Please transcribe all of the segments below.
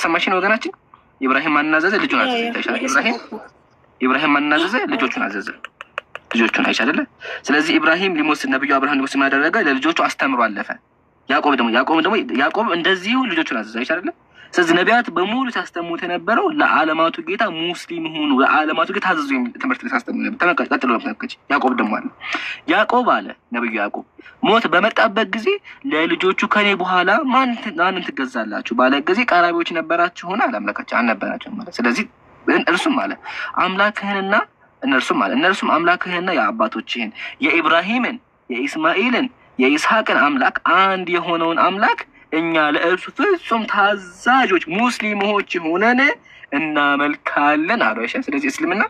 እየሰማችን ወገናችን ኢብራሂም አናዘዘ ልጁን አዘዘ። ኢብራሂም ኢብራሂም አናዘዘ ልጆቹን አዘዘ። ልጆቹን አይቻ አይደለ? ስለዚህ ኢብራሂም ሊሞስ ነብዩ አብርሃም ሊሞስ ምን አደረገ? ለልጆቹ አስተምሮ አለፈ። ያዕቆብ ደግሞ ያዕቆብ ደግሞ ያዕቆብ እንደዚሁ ልጆቹን አዘዘ። አይቻ አይደለ? ስለዚህ ነቢያት በሙሉ ሲያስተሙት የነበረው ለዓለማቱ ጌታ ሙስሊም ሆኑ ለዓለማቱ ጌታ ታዘዙ የሚል ትምህርት ሲያስተሙ ነበር። ቀጥሎ ተመልከች። ያዕቆብ ደግሞ አለ ያዕቆብ አለ ነብዩ ያዕቆብ ሞት በመጣበት ጊዜ ለልጆቹ ከኔ በኋላ ማንን ትገዛላችሁ ባለ ጊዜ ቀራቢዎች ነበራችሁ ሆነ አላመለካቸው አልነበራቸው ማለት ስለዚህ እርሱም አለ አምላክህንና እነርሱም አለ እነርሱም አምላክህንና የአባቶችህን የኢብራሂምን፣ የኢስማኤልን፣ የኢስሐቅን አምላክ አንድ የሆነውን አምላክ እኛ ለእርሱ ፍጹም ታዛዦች ሙስሊሞች ሆነን እናመልካለን አሉ። እሺ ስለዚህ እስልምና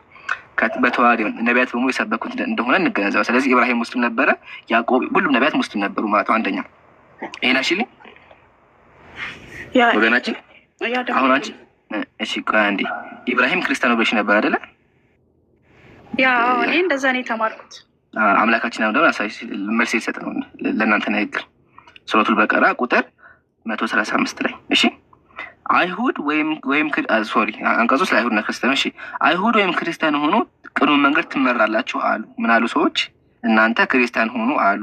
በተዋዲ ነቢያት በሙሉ የሰበኩት እንደሆነ እንገነዘባለን። ስለዚህ ኢብራሂም ሙስሊም ነበረ፣ ያዕቆብ ሁሉም ነቢያት ሙስሊም ነበሩ ማለት ነው። አንደኛ ይሄን አልሽልኝ ወገናችን። አሁን አንቺ እሺ ቆይ አንዴ ኢብራሂም ክርስቲያን ብለሽ ነበር አደለ? ያ እኔ እንደዛ ነው የተማርኩት። አምላካችን ደግሞ መልስ የተሰጠ ነው ለእናንተ ንግግር ሱረቱል በቀራ ቁጥር መቶ ሰላሳ አምስት ላይ እሺ አይሁድ ወይም ሶሪ አንቀጹ ስለ አይሁድና ክርስቲያን እሺ አይሁድ ወይም ክርስቲያን ሆኖ ቅኑን መንገድ ትመራላችሁ አሉ ምን አሉ ሰዎች እናንተ ክርስቲያን ሆኑ አሉ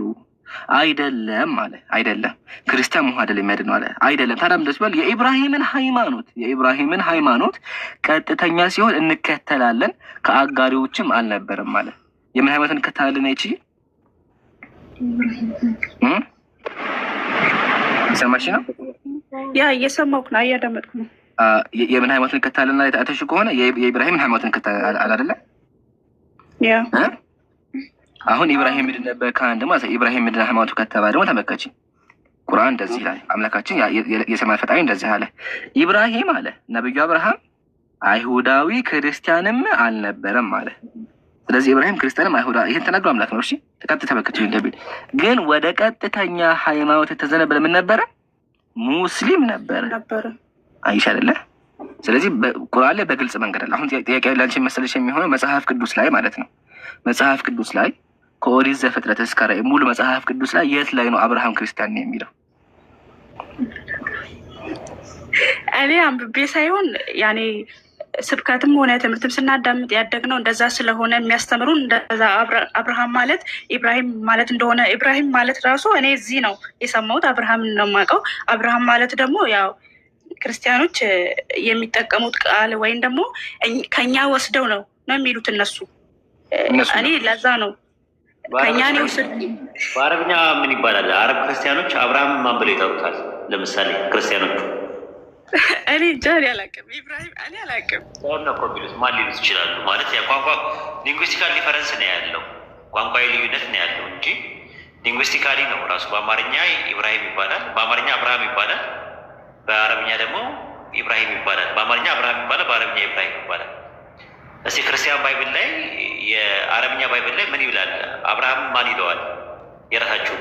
አይደለም አለ አይደለም ክርስቲያን መሆን አይደለም የሚያድነው አለ አይደለም ታዲያ ደስ ይበል የኢብራሂምን ሃይማኖት የኢብራሂምን ሃይማኖት ቀጥተኛ ሲሆን እንከተላለን ከአጋሪዎችም አልነበረም አለ የምን ሃይማኖት እንከተላለን ይቺ እየሰማሽ ነው? ያ እየሰማሁህ ነው፣ እያዳመጥኩ ነው። የምን ሃይማኖትን እንከተላለን አይተሽ ከሆነ የኢብራሂምን ሃይማኖትን እንከተላለን አይደለ? አሁን ኢብራሂም ምንድን ነበር? ከአንድ ደግሞ ኢብራሂም ምንድን ሃይማኖቱ ከተባ ደግሞ ተመከች። ቁርአን እንደዚህ ይላል። አምላካችን የሰማይ ፈጣሪ እንደዚህ አለ። ኢብራሂም አለ ነብዩ አብርሃም አይሁዳዊ ክርስቲያንም አልነበረም አለ። ስለዚህ ኢብራሂም ክርስቲያንም አይሁዳ ይህን ተናግሮ አምላክ ነው። እሺ ቀጥታ ተመልከቱ። እንደሚል ግን ወደ ቀጥተኛ ሃይማኖት የተዘነበለ ምን ነበረ? ሙስሊም ነበረ። አይሻ አደለ? ስለዚህ ቁርአን ላይ በግልጽ መንገድ አለ። አሁን ጥያቄ ላንቺ መሰለሽ የሚሆነው መጽሐፍ ቅዱስ ላይ ማለት ነው። መጽሐፍ ቅዱስ ላይ ከኦሪት ዘፍጥረት እስከ ራዕይ ሙሉ መጽሐፍ ቅዱስ ላይ የት ላይ ነው አብርሃም ክርስቲያን ነው የሚለው? እኔ አንብቤ ሳይሆን ያኔ ስብከትም ሆነ ትምህርትም ስናዳምጥ ያደግነው እንደዛ ስለሆነ የሚያስተምሩን እንደዛ አብርሃም ማለት ኢብራሂም ማለት እንደሆነ ኢብራሂም ማለት ራሱ እኔ እዚህ ነው የሰማሁት፣ አብርሃምን ነው የማውቀው። አብርሃም ማለት ደግሞ ያው ክርስቲያኖች የሚጠቀሙት ቃል ወይም ደግሞ ከኛ ወስደው ነው ነው የሚሉት እነሱ። እኔ ለዛ ነው ከኛ ነው ወስድ። በአረብኛ ምን ይባላል? አረብ ክርስቲያኖች አብርሃም ማን ብለው ይጠሩታል? ለምሳሌ ክርስቲያኖቹ እኔ እንጃ እኔ አላውቅም። ኢብራሂም እኔ አላውቅም። ሆነ እኮ ማን ሊሉት ይችላሉ? ማለት ቋንቋ ሊንጉስቲካል ዲፈረንስ ነው ያለው፣ ቋንቋዊ ልዩነት ነው ያለው እንጂ ሊንጉስቲካሊ ነው ራሱ። በአማርኛ ኢብራሂም ይባላል፣ በአማርኛ አብርሃም ይባላል፣ በአረብኛ ደግሞ ኢብራሂም ይባላል። በአማርኛ አብርሃም ይባላል፣ በአረብኛ ኢብራሂም ይባላል። እስቲ ክርስቲያን ባይብል ላይ የአረብኛ ባይብል ላይ ምን ይብላል? አብርሃም ማን ይለዋል? የራሳችሁ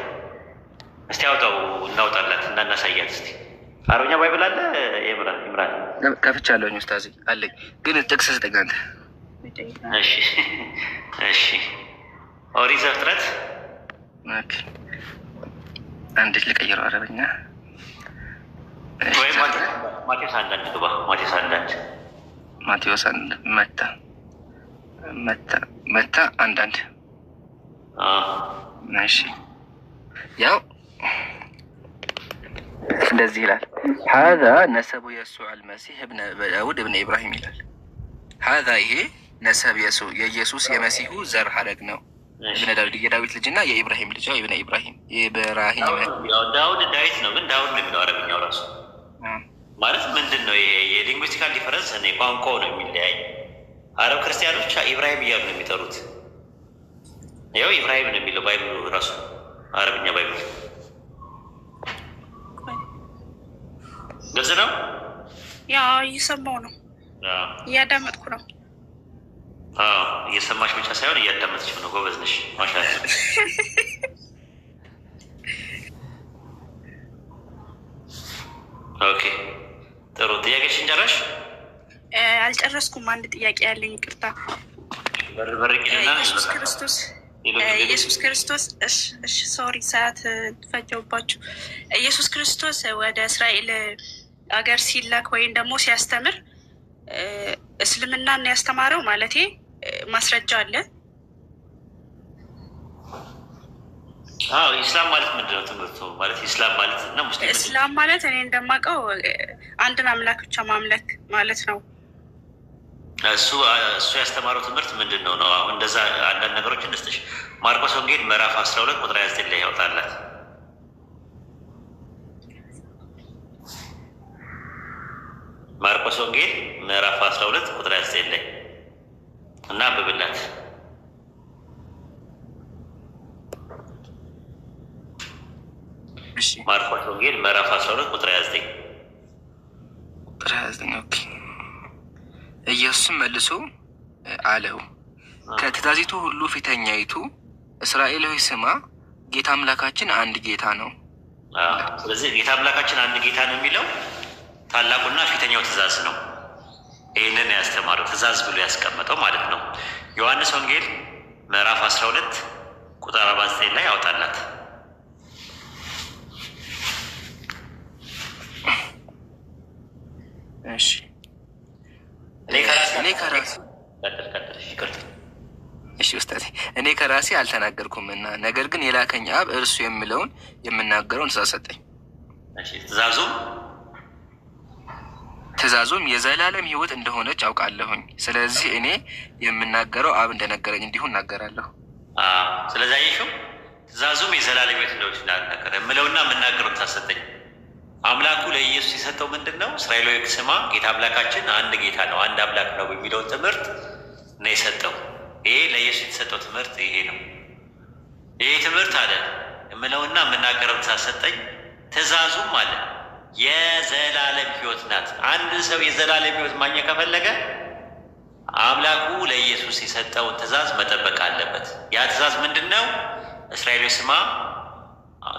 እስቲ አውጣው፣ እናውጣላት እና እናሳያት እስቲ አረብኛ ባይብል አለ ይምራል ከፍቻለሁ። ኡስታዝ አለኝ ግን ጥቅስ ስጠኝ አንተ። እሺ እሺ፣ ኦሪት ዘፍጥረት አንዴት አረብኛ ማቴዎስ አንዳንድ ግባ። ማቴዎስ አንዳንድ ማቴዎስ አንድ መታ መታ መታ አንዳንድ እሺ ያው እንደዚህ ይላል፣ ሀዛ ነሰቡ የሱ አልመሲህ እብነ ዳውድ እብነ ኢብራሂም ይላል። ሀዛ ይሄ ነሰብ የሱ የኢየሱስ የመሲሁ ዘር ሀረግ ነው። እብነ ዳውድ የዳዊት ልጅ እና የኢብራሂም ልጅ እብነ ኢብራሂም ኢብራሂም ዳውድ ዳዊት ነው፣ ግን ዳውድ ነው የሚለው አረብኛው ራሱ ማለት ምንድን ነው? ይሄ የሊንጉስቲካል ዲፈረንስ እ ቋንቋው ነው የሚለያይ። አረብ ክርስቲያኖች ኢብራሂም እያሉ ነው የሚጠሩት። ያው ኢብራሂም ነው የሚለው ባይብሉ ራሱ አረብኛ ባይብሉ ግልጽ ነው። ያ እየሰማው ነው፣ እያዳመጥኩ ነው። እየሰማሽ ብቻ ሳይሆን እያዳመጥሽው ነው። ጎበዝ ነሽ። ኦኬ፣ ጥሩ ጥያቄሽን ጨረሽ? አልጨረስኩም። አንድ ጥያቄ ያለኝ ይቅርታ። በርበሬ ኢየሱስ ክርስቶስ ኢየሱስ ክርስቶስ እሺ፣ ሶሪ ሰዓት ፈጀውባችሁ። ኢየሱስ ክርስቶስ ወደ እስራኤል አገር ሲላክ ወይም ደግሞ ሲያስተምር እስልምናን ያስተማረው ማለት ማስረጃ አለ። አዎ ኢስላም ማለት ምንድን ነው? ትምህርቱ ማለት ኢስላም ማለት እና ሙስሊም ኢስላም ማለት እኔ እንደማውቀው አንድን አምላክ ብቻ ማምለክ ማለት ነው። እሱ እሱ ያስተማረው ትምህርት ምንድን ነው ነው? አሁን እንደዛ አንዳንድ ነገሮች እንስጥሽ። ማርቆስ ወንጌል ምዕራፍ 12 ቁጥር 29 ላይ ያወጣላት ማርቆስ ወንጌል ምዕራፍ 12 ቁጥር 29 ላይ እና አንብብላት። ማርቆስ ወንጌል ምዕራፍ 12 ቁጥር 29 ቁጥር 29 ኦኬ ኢየሱስም መልሶ አለው ከትእዛዚቱ ሁሉ ፊተኛይቱ እስራኤል ሆይ ስማ፣ ጌታ አምላካችን አንድ ጌታ ነው። ስለዚህ ጌታ አምላካችን አንድ ጌታ ነው የሚለው ታላቁና ፊተኛው ትእዛዝ ነው። ይህንን ያስተማረው ትእዛዝ ብሎ ያስቀመጠው ማለት ነው። ዮሐንስ ወንጌል ምዕራፍ 12 ቁጥር 49 ላይ አውጣላት። እሺ እሺ ውስጣቴ እኔ ከራሴ አልተናገርኩም እና ነገር ግን የላከኝ አብ እርሱ የምለውን የምናገረውን ትእዛዝ ሰጠኝ። ትእዛዙም ትእዛዙም የዘላለም ህይወት እንደሆነች አውቃለሁኝ። ስለዚህ እኔ የምናገረው አብ እንደነገረኝ እንዲሁ እናገራለሁ። ስለዚህ አየሽው፣ ትእዛዙም የዘላለም ህይወት እንደሆነች እናገረ የምለውና የምናገረው ትእዛዝ ሰጠኝ። አምላኩ ለኢየሱስ የሰጠው ምንድን ነው? እስራኤላዊ ስማ፣ ጌታ አምላካችን አንድ ጌታ ነው፣ አንድ አምላክ ነው የሚለውን ትምህርት ነው የሰጠው። ይሄ ለኢየሱስ የተሰጠው ትምህርት ይሄ ነው። ይሄ ትምህርት አለ የምለውና የምናገረው ሳሰጠኝ ትእዛዙም አለ የዘላለም ህይወት ናት። አንድ ሰው የዘላለም ህይወት ማግኘት ከፈለገ አምላኩ ለኢየሱስ የሰጠውን ትእዛዝ መጠበቅ አለበት። ያ ትእዛዝ ምንድን ነው? እስራኤሎች ስማ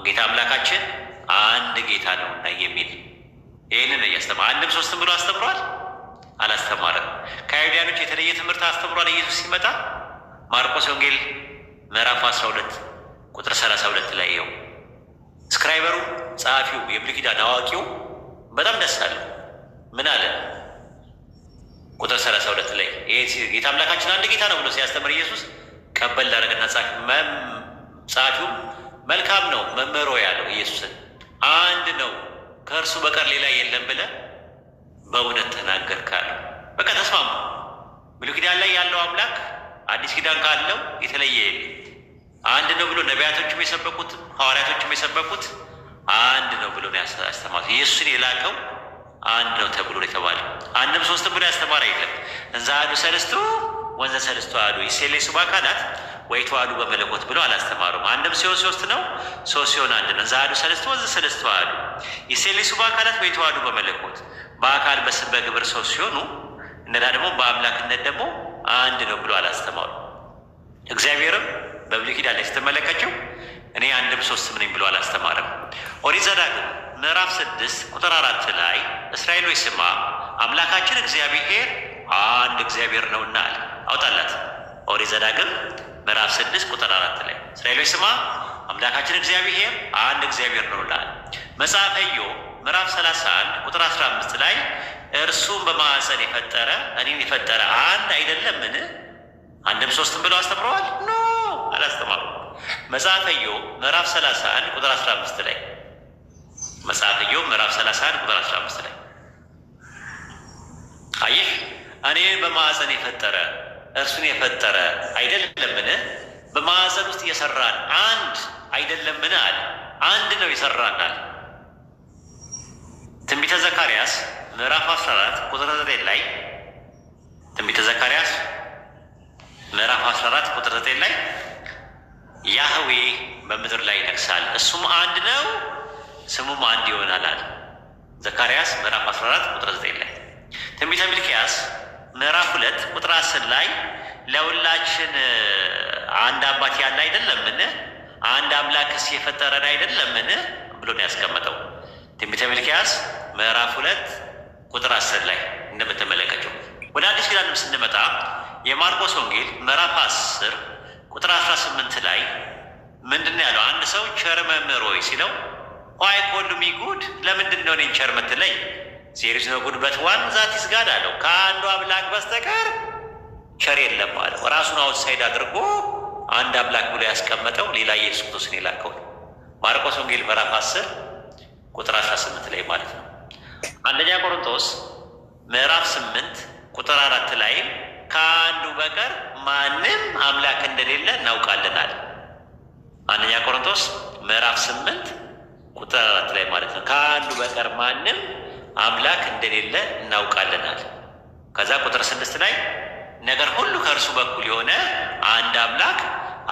ጌታ አምላካችን አንድ ጌታ ነውና የሚል ይህንን እያስተማ አንድም ሶስትም ብሎ አስተምሯል አላስተማረም። ከአይሁዳኖች የተለየ ትምህርት አስተምሯል ኢየሱስ ሲመጣ ማርቆስ ወንጌል ምዕራፍ 12 ቁጥር 32 ላይ ይኸው ስክራይበሩ ጸሐፊው የብሉይ ኪዳን አዋቂው በጣም ደስ አለ። ምን አለ? ቁጥር 32 ላይ ጌታ አምላካችን አንድ ጌታ ነው ብሎ ሲያስተምር ኢየሱስ ቀበል ላደረገና ጸሐፊው መልካም ነው መምህሮ ያለው ኢየሱስን አንድ ነው ከእርሱ በቀር ሌላ የለም ብለ በእውነት ተናገር ካለ በቃ ተስማሙ። ብሉይ ኪዳን ላይ ያለው አምላክ አዲስ ኪዳን ካለው የተለየ አንድ ነው ብሎ ነቢያቶችም የሰበኩት ሐዋርያቶችም የሰበኩት አንድ ነው ብሎ ያስተማሩት። ኢየሱስን የላከው አንድ ነው ተብሎ የተባለ። አንድም ሶስትም ብሎ ያስተማረ የለም እንዛ አንዱ ሰለስቱ ወዘ ሰለስቱ ይሴሌ የሴሌሱ አካላት ወይ ተዋህዱ በመለኮት ብሎ አላስተማሩም። አንድም ሲሆን ሶስት ነው፣ ሶስት ሲሆን አንድ ነው። ዛህዱ ሰለስቱ ወዘ ሰለስቱ ይሴሌ የሴሌሱ አካላት ወይ ተዋህዱ በመለኮት በአካል በስም በግብር ሶስት ሲሆኑ እነዳ ደግሞ በአምላክነት ደግሞ አንድ ነው ብሎ አላስተማሩ። እግዚአብሔርም በብሉይ ኪዳን ላይ ስትመለከችው እኔ አንድም ሶስትም ነኝ ብሎ አላስተማርም። ኦሪት ዘዳግም ምዕራፍ ስድስት ቁጥር አራት ላይ እስራኤል ሆይ ስማ አምላካችን እግዚአብሔር አንድ እግዚአብሔር ነውና አለ። አውጣላት። ኦሪት ዘዳግም ምዕራፍ ስድስት ቁጥር አራት ላይ እስራኤሎች ስማ አምላካችን እግዚአብሔር አንድ እግዚአብሔር ነው ብለሃል። መጽሐፈ ዮ ምዕራፍ 31 ቁጥር 15 ላይ እርሱም በማዕፀን የፈጠረ እኔም የፈጠረ አንድ አይደለምን? አንድም ሶስትም ብለው አስተምረዋል? ኖ አላስተማሩ። መጽሐፈ ዮ ምዕራፍ 31 ቁጥር 15 ላይ መጽሐፈ ዮ ምዕራፍ 31 ቁጥር 15 ላይ አየህ እኔ በማዕፀን የፈጠረ እርሱን የፈጠረ አይደለምን? በማዕዘን ውስጥ የሰራን አንድ አይደለምን? አለ። አንድ ነው የሰራናል። ትንቢተ ዘካርያስ ምዕራፍ 14 ቁጥር 9 ላይ ትንቢተ ዘካርያስ ምዕራፍ 14 ቁጥር 9 ላይ ያህዌ በምድር ላይ ይነግሳል፣ እሱም አንድ ነው፣ ስሙም አንድ ይሆናል አለ። ዘካርያስ ምዕራፍ 14 ቁጥር 9 ላይ ትንቢተ ሚልክያስ ምዕራፍ ሁለት ቁጥር አስር ላይ ለሁላችን አንድ አባት ያለ አይደለምን? አንድ አምላክስ የፈጠረን አይደለምን? ብሎ ነው ያስቀመጠው። ትንቢተ ሚልክያስ ምዕራፍ ሁለት ቁጥር አስር ላይ እንደምትመለከተው። ወደ አዲስ ኪዳንም ስንመጣ የማርቆስ ወንጌል ምዕራፍ አስር ቁጥር አስራ ስምንት ላይ ምንድን ያለው? አንድ ሰው ቸር መምህር ሆይ ሲለው ኳይ ኮሉ ሚጉድ ለምንድን ነው እኔን ቸር የምትለኝ ዜሪስ ነው ጉድበት ዋን ዛት ይስጋድ አለው። ከአንዱ አምላክ በስተቀር ቸር የለም አለው። ራሱን አውትሳይድ አድርጎ አንድ አምላክ ብሎ ያስቀመጠው ሌላ ኢየሱስ ክርስቶስን የላከው ነው። ማርቆስ ወንጌል ምዕራፍ 10 ቁጥር 18 ላይ ማለት ነው። አንደኛ ቆሮንቶስ ምዕራፍ 8 ቁጥር አራት ላይ ከአንዱ በቀር ማንም አምላክ እንደሌለ አለ። አንደኛ ቆሮንቶስ ምዕራፍ 8 ቁጥር አራት ላይ ማለት ነው። ከአንዱ በቀር ማንም አምላክ እንደሌለ እናውቃለናል። ከዛ ቁጥር ስድስት ላይ ነገር ሁሉ ከእርሱ በኩል የሆነ አንድ አምላክ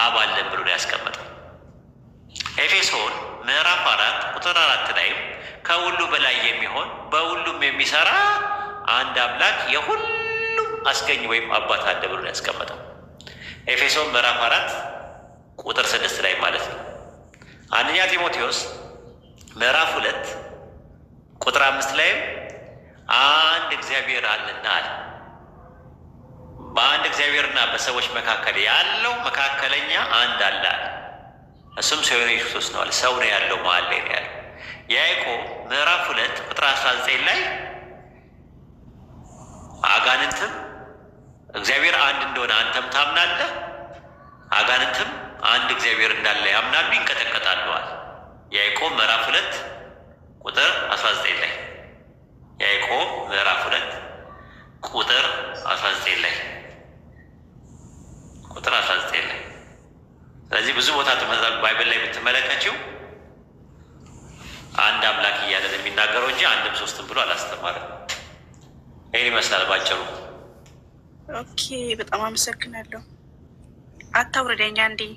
አብ አለን ብሎ ያስቀመጠው። ኤፌሶን ምዕራፍ አራት ቁጥር አራት ላይም ከሁሉ በላይ የሚሆን በሁሉም የሚሰራ አንድ አምላክ የሁሉም አስገኝ ወይም አባት አለ ብሎ ያስቀመጠው። ኤፌሶን ምዕራፍ አራት ቁጥር ስድስት ላይ ማለት ነው። አንደኛ ጢሞቴዎስ ምዕራፍ ሁለት ቁጥር አምስት ላይም አንድ እግዚአብሔር አለና አለ። በአንድ እግዚአብሔርና በሰዎች መካከል ያለው መካከለኛ አንድ አለ አለ። እሱም ሰው የሆነ ክርስቶስ ነው አለ። ሰው ነው ያለው መሀል ላይ ነው ያለው። ያዕቆብ ምዕራፍ ሁለት ቁጥር አስራ ዘጠኝ ላይ አጋንንትም እግዚአብሔር አንድ እንደሆነ አንተም ታምናለህ፣ አጋንንትም አንድ እግዚአብሔር እንዳለ ያምናሉ፣ ይንቀጠቀጣሉ አለ። ያዕቆብ ምዕራፍ ሁለት ቁጥር 19 ላይ ያዕቆብ ምዕራፍ ሁለት ቁጥር 19 ላይ ቁጥር 19 ላይ። ስለዚህ ብዙ ቦታ ባይብል ላይ ብትመለከችው አንድ አምላክ እያለ ነው የሚናገረው እንጂ አንድም ሶስትም ብሎ አላስተማርም። ይህን ይመስላል ባጭሩ። ኦኬ፣ በጣም አመሰግናለሁ። አታውርደኛ እንዲህ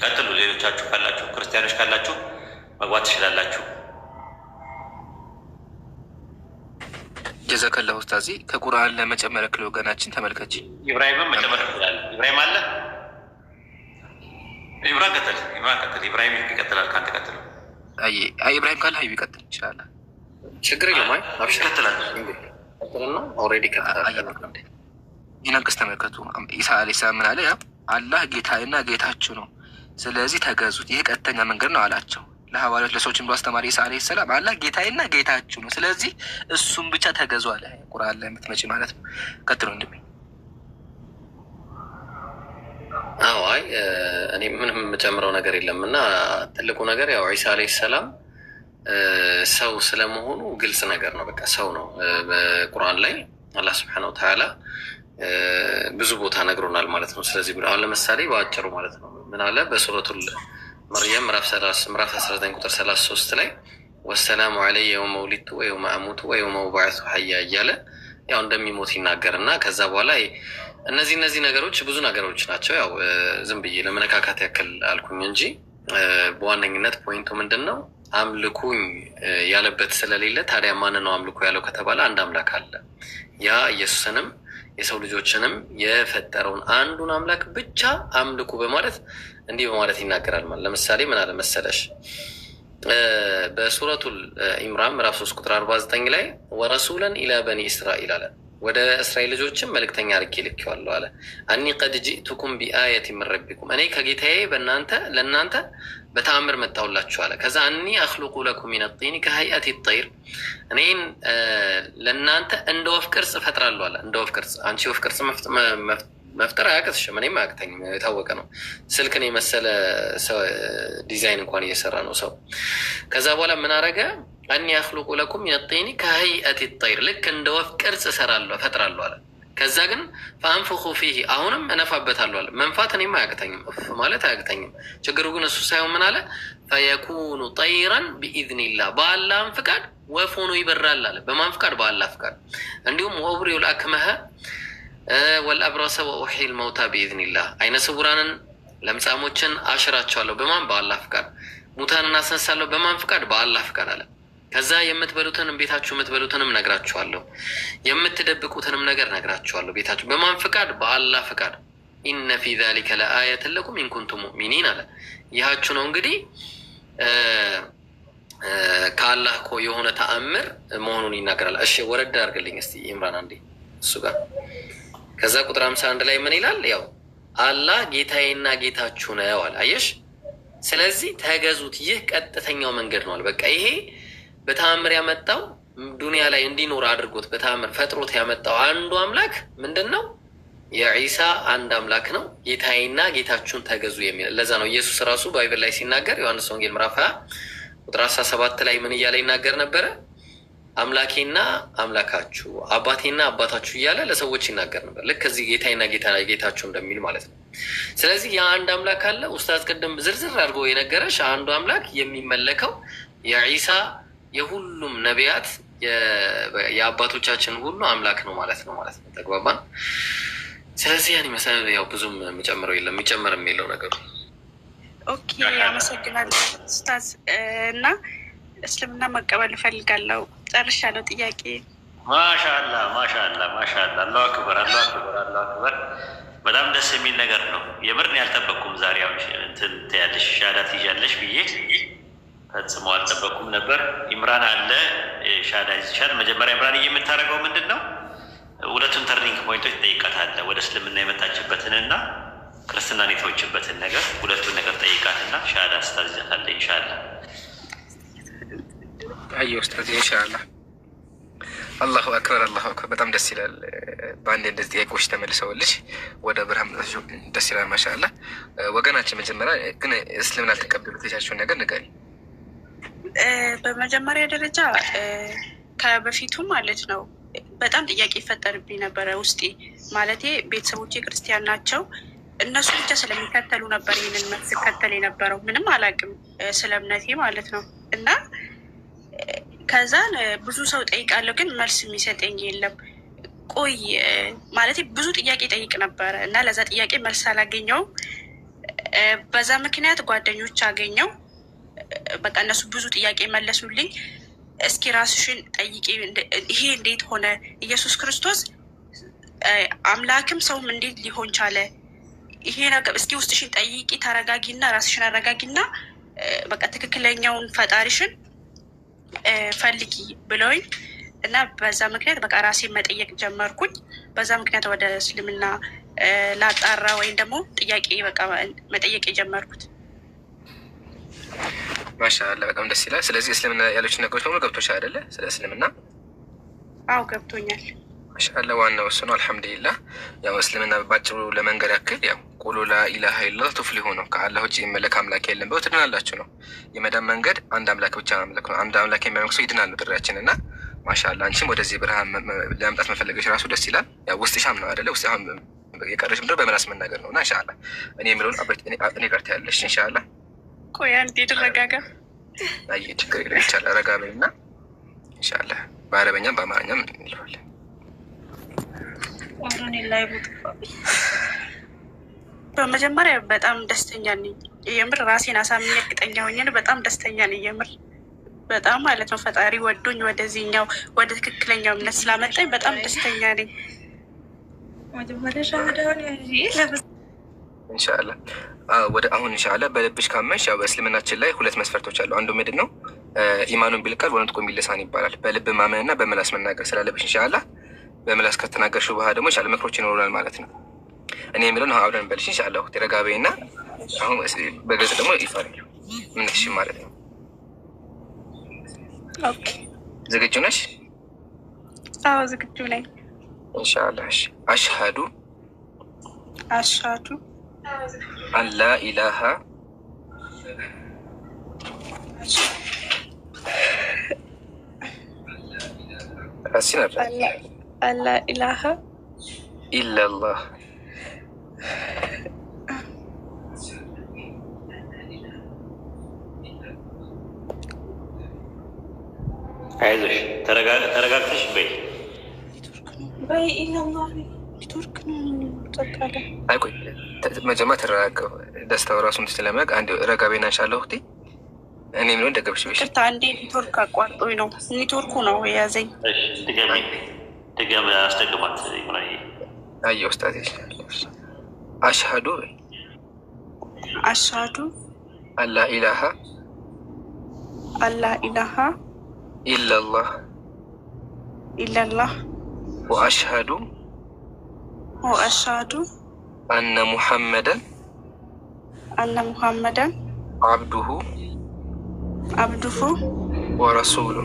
ቀጥሉ። ሌሎቻችሁ ካላችሁ ክርስቲያኖች ካላችሁ መግባት ትችላላችሁ። ጀዘከላ ውስታዚ ከቁርአን ለመጨመር ክል ወገናችን ተመልከች። ኢብራሂምም መጨመር ይችላል። ኢብራሂም አለ ኢብራሂም ቀጥል፣ ኢብራሂም ቀጥል፣ ኢብራሂም ይቀጥላል። ከአንተ ቀጥል። አይ አይ፣ ኢብራሂም ካለ ሀይብ ይቀጥል ይችላል። ችግር የለም። አይ አብሽር ይቀጥላል። ቀጥልና ኦልሬዲ ይቀጥላል። ይነቅስ ተመልከቱ። ኢሳ አለይሂ ሰላም ምን አለ? ያ አላህ ጌታዬና ጌታችሁ ነው ስለዚህ ተገዙት፣ ይህ ቀጥተኛ መንገድ ነው አላቸው። ለሐዋርያት ለሰዎች ብሎ አስተማሪ ኢሳ ዓለይሂ ሰላም አላ ጌታዬና ጌታችሁ ነው፣ ስለዚህ እሱም ብቻ ተገዙ አለ። ቁርአን ላይ የምትመጪ ማለት ነው። ቀጥሎ ወንድሜ። አዎ አይ እኔ ምንም የምጨምረው ነገር የለም እና ትልቁ ነገር ያው ኢሳ ዓለይሂ ሰላም ሰው ስለመሆኑ ግልጽ ነገር ነው። በቃ ሰው ነው። በቁርአን ላይ አላህ ስብሐነሁ ወተዓላ ብዙ ቦታ ነግሮናል ማለት ነው። ስለዚህ አሁን ለምሳሌ በአጭሩ ማለት ነው ምን አለ በሱረቱል መርየም ምዕራፍ አስራ ዘጠኝ ቁጥር ሰላሳ ሶስት ላይ ወሰላሙ አለይ የውመ ውሊቱ ወየውመ አሙቱ ወየውመ ውባዕቱ ሐያ እያለ ያው እንደሚሞት ይናገር እና ከዛ በኋላ እነዚህ እነዚህ ነገሮች ብዙ ነገሮች ናቸው። ያው ዝም ብዬ ለመነካካት ያክል አልኩኝ እንጂ በዋነኝነት ፖይንቱ ምንድን ነው? አምልኩኝ ያለበት ስለሌለ ታዲያ ማን ነው አምልኩ ያለው ከተባለ አንድ አምላክ አለ ያ ኢየሱስንም የሰው ልጆችንም የፈጠረውን አንዱን አምላክ ብቻ አምልኩ በማለት እንዲህ በማለት ይናገራል። ማለት ለምሳሌ ምን አለ መሰለሽ በሱረቱል ኢምራን ምዕራፍ ሶስት ቁጥር አርባ ዘጠኝ ላይ ወረሱለን ኢላ በኒ እስራኤል አለ ወደ እስራኤል ልጆችም መልእክተኛ አድርጌ ልኬዋለሁ አለ። አኒ ቀድ ጅእቱኩም ቢአየት ምን እኔ ከጌታዬ በእናንተ ለእናንተ በተአምር መጣሁላችሁ አለ። ከዛ አኒ አክሉቁ ለኩም ሚን ከሀይአት ጠይር እኔን ለእናንተ እንደ ወፍ ቅርጽ እፈጥራለሁ አለ። እንደ ወፍ ቅርጽ አንቺ ወፍ ቅርጽ መፍጠር አያቅትሽም፣ እኔም አያቅተኝም። የታወቀ ነው። ስልክን የመሰለ ዲዛይን እንኳን እየሰራ ነው ሰው። ከዛ በኋላ ምን አረገ? አኒ አክሉቁ ለኩም የጤኒ ከሀይአት ጠይር፣ ልክ እንደ ወፍ ቅርጽ እሰራለሁ እፈጥራለሁ አለ። ከዛ ግን ፈአንፍኩ ፊህ፣ አሁንም እነፋበታለሁ አለ። መንፋት እኔም አያቅተኝም፣ እፍ ማለት አያቅተኝም። ችግሩ ግን እሱ ሳይሆን ምን አለ? ፈየኩኑ ጠይረን ቢኢዝኒላህ፣ በአላህም ፍቃድ ወፍ ሆኖ ይበራል አለ። በማን ፍቃድ? በአላህ ፍቃድ። እንዲሁም ወብሪውል አክመሀ ወልአብራሰ ወኡሕይል መውታ ቢኢዝኒላህ አይነ ስውራንን ለምጻሞችን አሽራቸዋለሁ። በማን በአላህ ፍቃድ። ሙታን እናስነሳለሁ በማን ፍቃድ? በአላህ ፍቃድ አለ። ከዛ የምትበሉትንም ቤታችሁ የምትበሉትንም ነግራችኋለሁ፣ የምትደብቁትንም ነገር ነግራችኋለሁ። ቤታችሁ በማን ፍቃድ? በአላህ ፍቃድ። ኢነ ፊ ዛሊከ ለአያት ለኩም ኢንኩንቱ ሙእሚኒን አለ። ይሃችሁ ነው እንግዲህ ከአላህ እኮ የሆነ ተአምር መሆኑን ይናገራል። እሺ ወረድ አድርግልኝ እስቲ ኢምራን አንዴ እሱ ጋር ከዛ ቁጥር ሀምሳ አንድ ላይ ምን ይላል? ያው አላህ ጌታዬና ጌታችሁ ነው አለ። አየሽ፣ ስለዚህ ተገዙት። ይህ ቀጥተኛው መንገድ ነው አለ። በቃ ይሄ በተአምር ያመጣው ዱንያ ላይ እንዲኖር አድርጎት በተአምር ፈጥሮት ያመጣው አንዱ አምላክ ምንድን ነው? የዒሳ አንድ አምላክ ነው። ጌታዬና ጌታችሁን ተገዙ የሚል ለዛ ነው ኢየሱስ ራሱ ባይብል ላይ ሲናገር ዮሐንስ ወንጌል ምዕራፍ 20 ቁጥር ሰባት ላይ ምን እያለ ይናገር ነበረ? አምላኬና አምላካችሁ አባቴና አባታችሁ እያለ ለሰዎች ይናገር ነበር። ልክ ከዚህ ጌታና ጌታቸው እንደሚል ማለት ነው። ስለዚህ የአንድ አምላክ አለ። ኡስታዝ ቅድም ዝርዝር አድርጎ የነገረሽ አንዱ አምላክ የሚመለከው የዒሳ የሁሉም ነቢያት የአባቶቻችን ሁሉ አምላክ ነው ማለት ነው ማለት ነው። ተግባባን። ስለዚህ ያን መሰል ያው ብዙም የሚጨምረው የለም። የሚጨምር የሚለው ነገሩ ኦኬ። አመሰግናለሁ ኡስታዝ እና እስልምና መቀበል እፈልጋለሁ። ጨርሻለሁ። ጥያቄ ማሻላ ማሻላ ማሻላ። አላሁ አክበር አላሁ አክበር አላሁ አክበር። በጣም ደስ የሚል ነገር ነው። የምርን ያልጠበቅኩም ዛሬ እንትን ትያለሽ ሻዳ ትይዣለሽ ብዬ ፈጽሞ አልጠበቅኩም ነበር። ኢምራን አለ ሻዳ ይዝሻል። መጀመሪያ ኢምራን የምታደርገው ምንድን ነው? ሁለቱን ተርኒንግ ፖይንቶች ጠይቃታለ። ወደ እስልምና የመጣችበትንና ክርስትናን የተወችበትን ነገር ሁለቱን ነገር ጠይቃትና ሻዳ ስታዝዛታለ። ኢንሻላ አየ ውስጣት እንሻላ አላሁ አክበር አላሁ አክበር። በጣም ደስ ይላል። በአንድ እንደዚህ ጥያቄዎች ተመልሰውልሽ ወደ ብርሃን መጣችሁ ደስ ይላል። ማሻላ ወገናችን፣ መጀመሪያ ግን እስልምና አልተቀበሉት የቻችሁን ነገር ንገሪ። በመጀመሪያ ደረጃ ከበፊቱ ማለት ነው በጣም ጥያቄ ይፈጠርብኝ ነበረ ውስጤ። ማለቴ ቤተሰቦቼ ክርስቲያን ናቸው እነሱ ብቻ ስለሚከተሉ ነበር ይህንን ስከተል የነበረው ምንም አላውቅም ስለ እምነቴ ማለት ነው እና ከዛ ብዙ ሰው ጠይቃለሁ፣ ግን መልስ የሚሰጠኝ የለም። ቆይ ማለት ብዙ ጥያቄ ጠይቅ ነበረ እና ለዛ ጥያቄ መልስ አላገኘውም። በዛ ምክንያት ጓደኞች አገኘው። በቃ እነሱ ብዙ ጥያቄ መለሱልኝ። እስኪ ራስሽን ጠይቂ፣ ይሄ እንዴት ሆነ? ኢየሱስ ክርስቶስ አምላክም ሰውም እንዴት ሊሆን ቻለ? ይሄ ነገር እስኪ ውስጥሽን ጠይቂ፣ ተረጋጊና ራስሽን አረጋጊና በቃ ትክክለኛውን ፈጣሪሽን ፈልጊ ብለውኝ እና በዛ ምክንያት በቃ ራሴን መጠየቅ ጀመርኩኝ። በዛ ምክንያት ወደ እስልምና ላጣራ ወይም ደግሞ ጥያቄ በቃ መጠየቅ የጀመርኩት። ማሻላ በጣም ደስ ይላል። ስለዚህ እስልምና ያለችን ነገሮች በሙሉ ገብቶች አይደለ? ስለ እስልምና? አዎ ገብቶኛል። ማሻአላ ዋናው እሱ ነው። አልሐምዱሊላህ ያው እስልምና ባጭሩ ለመንገድ ያክል ያው ቁሉ ላኢላሀ ኢላላህ ቱፍሊሁ ነው። ከአላህ ውጭ የሚመለክ አምላክ የለም ብለው ትድናላችሁ ነው። የመዳን መንገድ አንድ አምላክ ብቻ ማምለክ ነው። አንድ አምላክ የሚያመልክ ሰው ይድናል ነው ጥሪያችን እና ማሻአላ አንቺም ወደዚህ ብርሃን ለመምጣት መፈለገች ራሱ ደስ ይላል። ያው ውስጥ ሻም ነው አደለ? ውስጥ ሻም የቀረች ምድር በመላስ መናገር ነው እና እንሻላ እኔ የሚለውን እኔ ቀርታ ያለች እንሻላ ቆያ እንዴት ድረጋጋ። ይ ችግር ይለ ይቻላል ረጋ በይና እንሻላ በአረበኛም በአማርኛም እንለዋለን አሁን ላይ በመጀመሪያ በጣም ደስተኛ ነኝ። የምር ራሴን አሳምኜ እርግጠኛ ሆኜን በጣም ደስተኛ ነኝ። የምር በጣም ማለት ነው ፈጣሪ ወዶኝ ወደዚህኛው ወደ ትክክለኛው እምነት ስላመጣኝ በጣም ደስተኛ ነኝ። ኢንሻላህ ወደ አሁን ኢንሻላህ በልብሽ ካመንሽ ያው በእስልምናችን ላይ ሁለት መስፈርቶች አሉ። አንዱ ምንድን ነው ኢማኑን ቢልቃል ወነጥቆ የሚልሳን ይባላል። በልብ ማመንና በመላስ መናገር ስላለብሽ ኢንሻላህ በምላስ ከተናገርሽው በኋላ ደግሞ ይሻለ ምክሮች ይኖሩናል ማለት ነው። እኔ የሚለውን አብረን በልሽ ይሻለሁ ተረጋበይ እና አሁን በገጽ ደግሞ ይፋል ምንሽ ማለት ነው። ኦኬ ዝግጁ ነሽ? አዎ ዝግጁ ነኝ። እንሻላ አሽሃዱ አሽሃዱ አላ ኢላሃ አሲናለ አላ ኢላሃ ኢላላህ አይዞሽ፣ ተረጋግተሽ በይ በይ። ኢላላህ ኔትወርክ ነው። አይቆይ መጀመሪያ ተረጋጋ። ደስታው ራሱን ስለሚያውቅ አንድ ረጋ ቤና ሻለሁ እህቴ እኔ ምን ቅርታ፣ አንዴ ኔትወርክ አቋርጦኝ ነው ኔትወርኩ ነው የያዘኝ። ድገም አስደግማት። አየ ውስጣት አሽሃዱ አሽሃዱ አላ ኢላሃ አላ ኢላሃ ኢለላህ ኢለላህ ወአሽሃዱ ወአሽሃዱ አነ ሙሐመደን አነ ሙሐመደን አብዱሁ አብዱሁ ወረሱሉ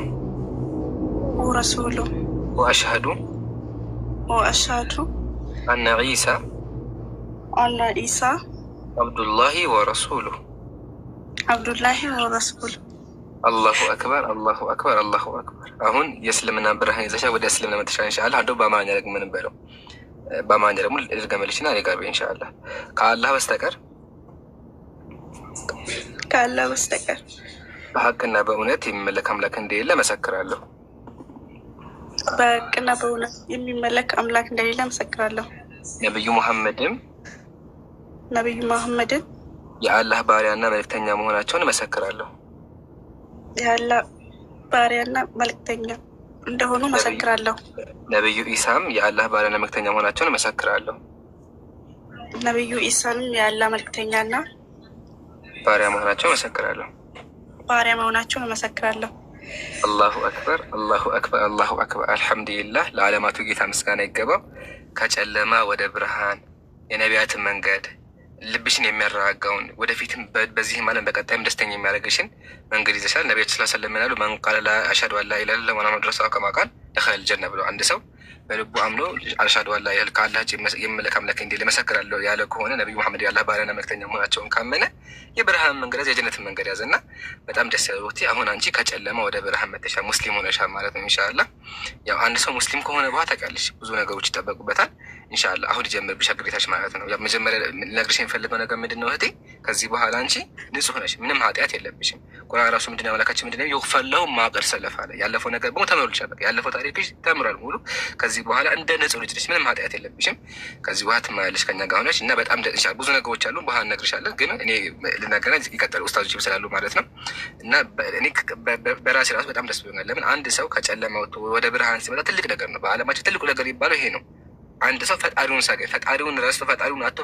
ወረሱሉ ወአሽሀዱ ወአሽሀዱ አነ ዒሳ አነ ዒሳ አብዱላሂ ወረሱሉ አብዱላሂ ወረሱሉሁ። አላሁ አክበር አላሁ አክበር አላሁ አክበር። አሁን የእስልምና ብርሃን ይዘሻ ወደ እስልምና መተሻ ኢንሻአላህ። እንደው በአማርኛ ደግሞ ምን በአማርኛ ደግሞ ልድገመልሽና ጋር ኢንሻአላህ። ከአላህ በስተቀር ከአላህ በስተቀር በሀቅና በእውነት የሚመለክ አምላክ እንደሌለ መሰክራለሁ በቅና በእውነት የሚመለክ አምላክ እንደሌለ መሰክራለሁ። ነቢዩ መሐመድም ነቢዩ መሐመድን የአላህ ባሪያና መልእክተኛ መሆናቸውን መሰክራለሁ። የአላህ ባሪያና መልእክተኛ እንደሆኑ መሰክራለሁ። ነቢዩ ኢሳም የአላህ ባሪያና መልክተኛ መሆናቸውን እመሰክራለሁ። ነቢዩ ኢሳንም የአላህ መልእክተኛና ባሪያ መሆናቸውን መሰክራለሁ። ባሪያ መሆናቸውን መሰክራለሁ። አላሁ አክበር፣ አላሁ አክበር፣ አላሁ አክበር። አልሐምዱሊላህ ለዓለማቱ ጌታ ምስጋና ይገባው። ከጨለማ ወደ ብርሃን የነቢያትን መንገድ ልብሽን የሚያረጋጋውን ወደፊትም በዚህም ዓለም በቀጣይም ደስተኛ የሚያደርግሽን መንገድ ይዘሻል። ነቢያችን ስላ መንቃለላ አሻዱ አላ ኢላላ ለማናመድረሰ ከማቃል ደኸል ጀነ ብሎ አንድ ሰው በልቡ አምኖ አልሻዱ አላ ይል ከአላህ የምልክ አምላክ እንዲ መሰክራለሁ ያለ ከሆነ ነቢዩ መሐመድ የአላህ ባሪያና መልክተኛ መሆናቸውን ካመነ የብርሃን መንገድ ያዝ፣ የጀነትን መንገድ ያዝ እና በጣም ደስ ያለ ያሉት። አሁን አንቺ ከጨለማ ወደ ብርሃን መተሻ ሙስሊም ሆነሻ ማለት ነው። ኢንሻላ ያው አንድ ሰው ሙስሊም ከሆነ በኋላ ታውቃለሽ፣ ብዙ ነገሮች ይጠበቁበታል። ኢንሻላ አሁን ጀምር ብሻ ግዴታሽ ማለት ነው። መጀመሪያ ልነግርሽ የሚፈልገው ነገር ምንድን ነው እህቴ? ከዚህ በኋላ አንቺ ንጹህ ነሽ፣ ምንም ኃጢአት የለብሽም። ቁርአን ራሱ ምንድን አምላካችን ምንድን ነው ይፈለው ማቀር ሰለፍ አለ። ያለፈው ነገር በሙሉ ተምሮልሻል። በቃ ያለፈው ታሪክሽ ተምሯል ሙሉ ከዚህ በኋላ እንደ ንጹህ ልጅ ነሽ፣ ምንም ኃጢአት የለብሽም። ከዚህ በኋላ ትማያለሽ ከኛ ጋር ሆነሽ እና በጣም ደንሻል። ብዙ ነገሮች አሉ፣ በኋላ እነግርሻለሁ። ግን እኔ ልናገር ይቀጥላል፣ ውስታዞች ይመስላሉ ማለት ነው። እና እኔ በራሴ ራሱ በጣም ደስ ብሎኛል። ለምን አንድ ሰው ከጨለማ ወጥቶ ወደ ብርሃን ሲመጣ ትልቅ ነገር ነው። በአለማቸው ትልቁ ነገር ይባለው ይሄ ነው። አንድ ሰው ፈጣሪውን ሳገኝ ፈጣሪውን ረስቶ ፈጣሪውን አቶ